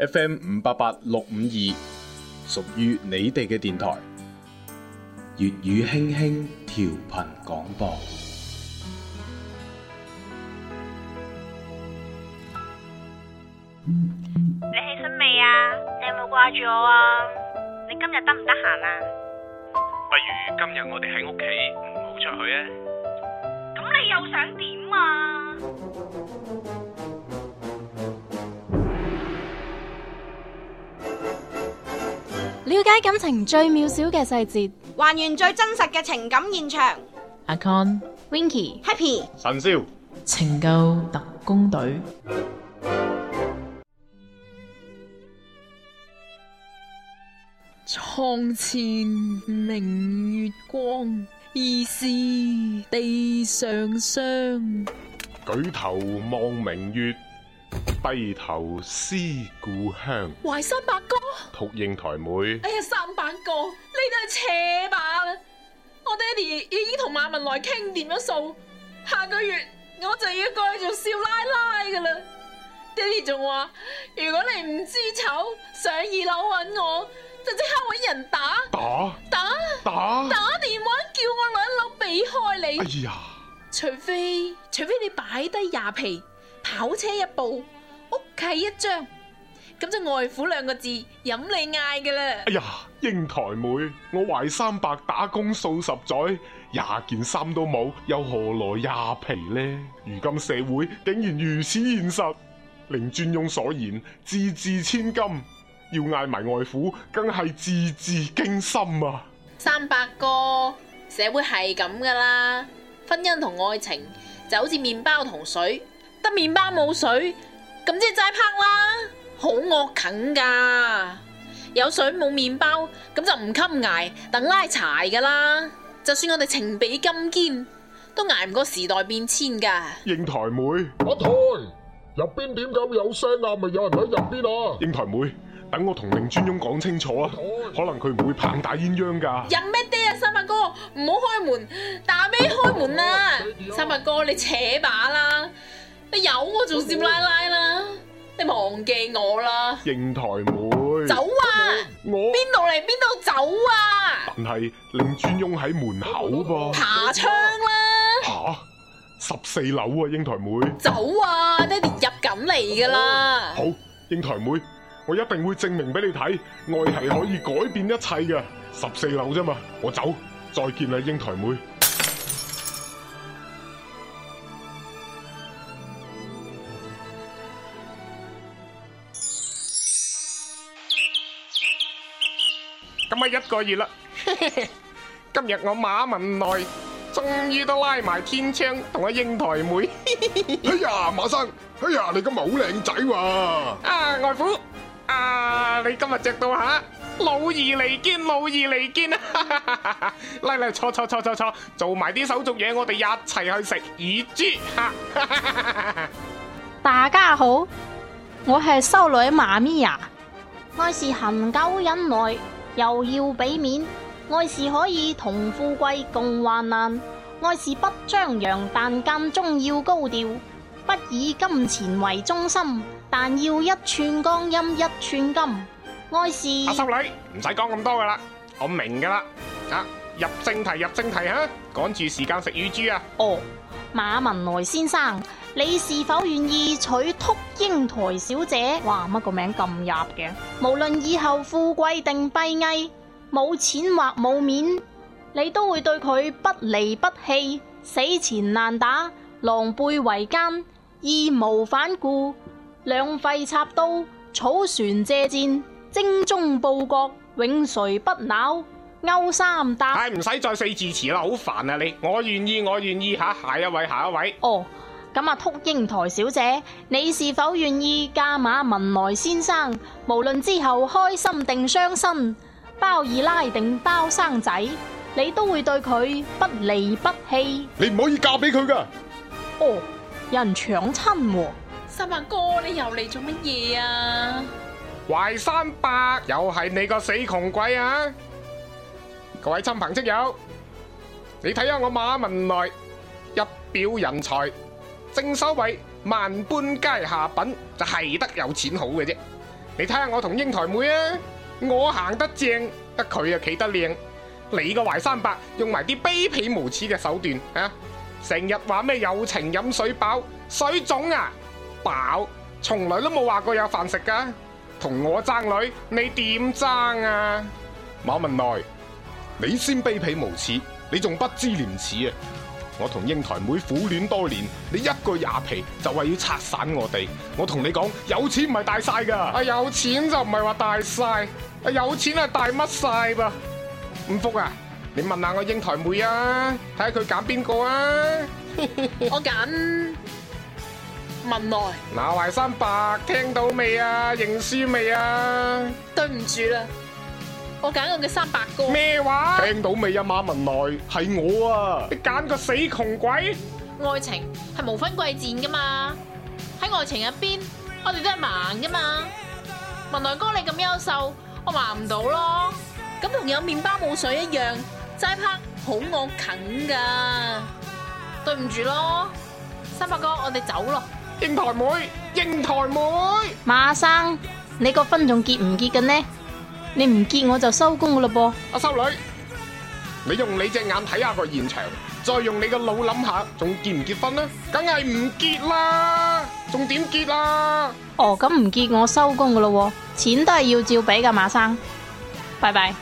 FM 五八八六五二，屬於你哋嘅電台，粵語輕輕調頻廣播。你起身未啊？你有冇掛住我啊？你今日得唔得閒啊？不如今日我哋喺屋企，唔好出去啊！咁你又想點啊？瞭解感情最渺小嘅細節，還原最真實嘅情感現場。阿 Con、Winky、Happy、臣少，情救特工隊。牀前明月光，疑是地上霜。舉頭望明月。低頭思故鄉。淮山白哥。禿鷹台妹。哎呀，三板哥，你都係扯吧。我爹哋已經同馬文萊傾掂咗數，下個月我就要過去做少奶奶噶啦。爹哋仲話，如果你唔知醜，上二樓搵我，就即刻搵人打打打打打電話叫我兩老避開你。哎呀，除非除非你擺低廿皮。跑車一部，屋契一張，咁就外父兩個字，飲你嗌嘅啦。哎呀，英台妹，我淮山白打工數十載，廿件衫都冇，又何來廿皮呢？如今社會竟然如此現實，令尊庸所言字字千金，要嗌埋外父，更係字字驚心啊！山白哥，社會係咁噶啦，婚姻同愛情就好似麵包同水。得麵包冇水，咁即係齋拍啦，好惡近噶。有水冇麵包，咁就唔襟挨，等拉柴噶啦。就算我哋情比金堅，都挨唔過時代變遷噶。英台妹，阿台，入邊點解會有聲啊？咪有人喺入邊啊！英台妹，等我同令尊翁講清楚啊。阿台可能佢唔會棒打鴛鴦噶。入咩爹啊，三八哥？唔好開門，大尾開門啦，啊，三八哥你扯把啦。做少奶奶啦！你忘記我啦，英台妹。走啊！我邊度嚟邊度走啊！但係令尊翁喺門口噃。爬窗啦！吓，十四樓啊，英台妹。走啊，爹哋入緊嚟噶啦。好，英台妹，我一定會證明俾你睇，愛係可以改變一切嘅。十四樓啫嘛，我走，再見啦，英台妹。一個月啦，今日我馬文萊，終於都拉埋天窗同阿英台妹。哎呀，馬生，哎呀，你今日好靚仔哇！啊，外父，啊，你今日着到下老而彌堅，老而彌堅啊！嚟嚟，坐坐坐坐坐，做埋啲手續嘢，我哋一齊去食乳豬。大家好，我係修女媽咪呀，愛是恒久忍耐。又要俾面，愛是可以同富貴共患難，愛是不張揚但間中要高調，不以金錢為中心，但要一寸光陰一寸金。愛是阿修女唔使講咁多噶啦，我明噶啦，啊，入正題入正題吓，趕住時間食乳豬啊！啊哦，馬文萊先生。你是否願意娶禿鷹台小姐？哇，乜個名咁入嘅？無論以後富貴定閉翳，冇錢或冇面，你都會對佢不離不棄，死纏爛打，狼狽為奸，義無反顧，兩肋插刀，草船借箭，精忠報國，永垂不朽。勾三搭，係唔使再四字詞啦，好煩啊你！你我願意，我願意吓，下一位，下一位哦。Oh. 咁啊，禿鷹台小姐，你是否願意嫁馬文萊先生？無論之後開心定傷心，包二奶定包生仔，你都會對佢不離不棄。你唔可以嫁俾佢噶。哦，有人搶親啊。三伯哥，你又嚟做乜嘢啊？淮山、啊、伯，又係你個死窮鬼啊！各位親朋戚友，你睇下我馬文萊，一表人才。正所謂萬般皆下品，就係、是、得有錢好嘅啫。你睇下我同英台妹啊，我行得正，就得佢啊企得靚。你個淮山白用埋啲卑鄙無恥嘅手段啊，成日話咩有情飲水飽水腫啊飽，從來都冇話過有飯食噶。同我爭女，你點爭啊？馬文萊，你先卑鄙無恥，你仲不知廉恥啊！我同英台妹苦戀多年，你一句廿皮就話要拆散我哋，我同你講有錢唔係大晒噶，啊有錢就唔係話大晒，啊有錢係大乜晒噃？唔服啊？你問下我英台妹啊，睇下佢揀邊個啊？我揀文萊。嗱，淮山白聽到未啊？認輸未啊？對唔住啦。我揀個佢三伯哥咩話？聽到未啊？馬文萊係我啊！你揀個死窮鬼？愛情係無分貴賤噶嘛？喺愛情入邊，我哋都係盲噶嘛？文萊哥你咁優秀，我盲唔到咯。咁同有麵包冇水一樣，齋拍好惡啃噶。對唔住咯，三伯哥，我哋走咯。英台妹，英台妹，馬生，你個婚仲結唔結嘅呢？你唔結我就收工噶啦噃，阿、啊、修女，你用你隻眼睇下個現場，再用你個腦諗下，仲結唔結婚呢？梗係唔結啦，仲點結啊？哦，咁唔結我收工噶咯，錢都係要照畀噶，馬生，拜拜。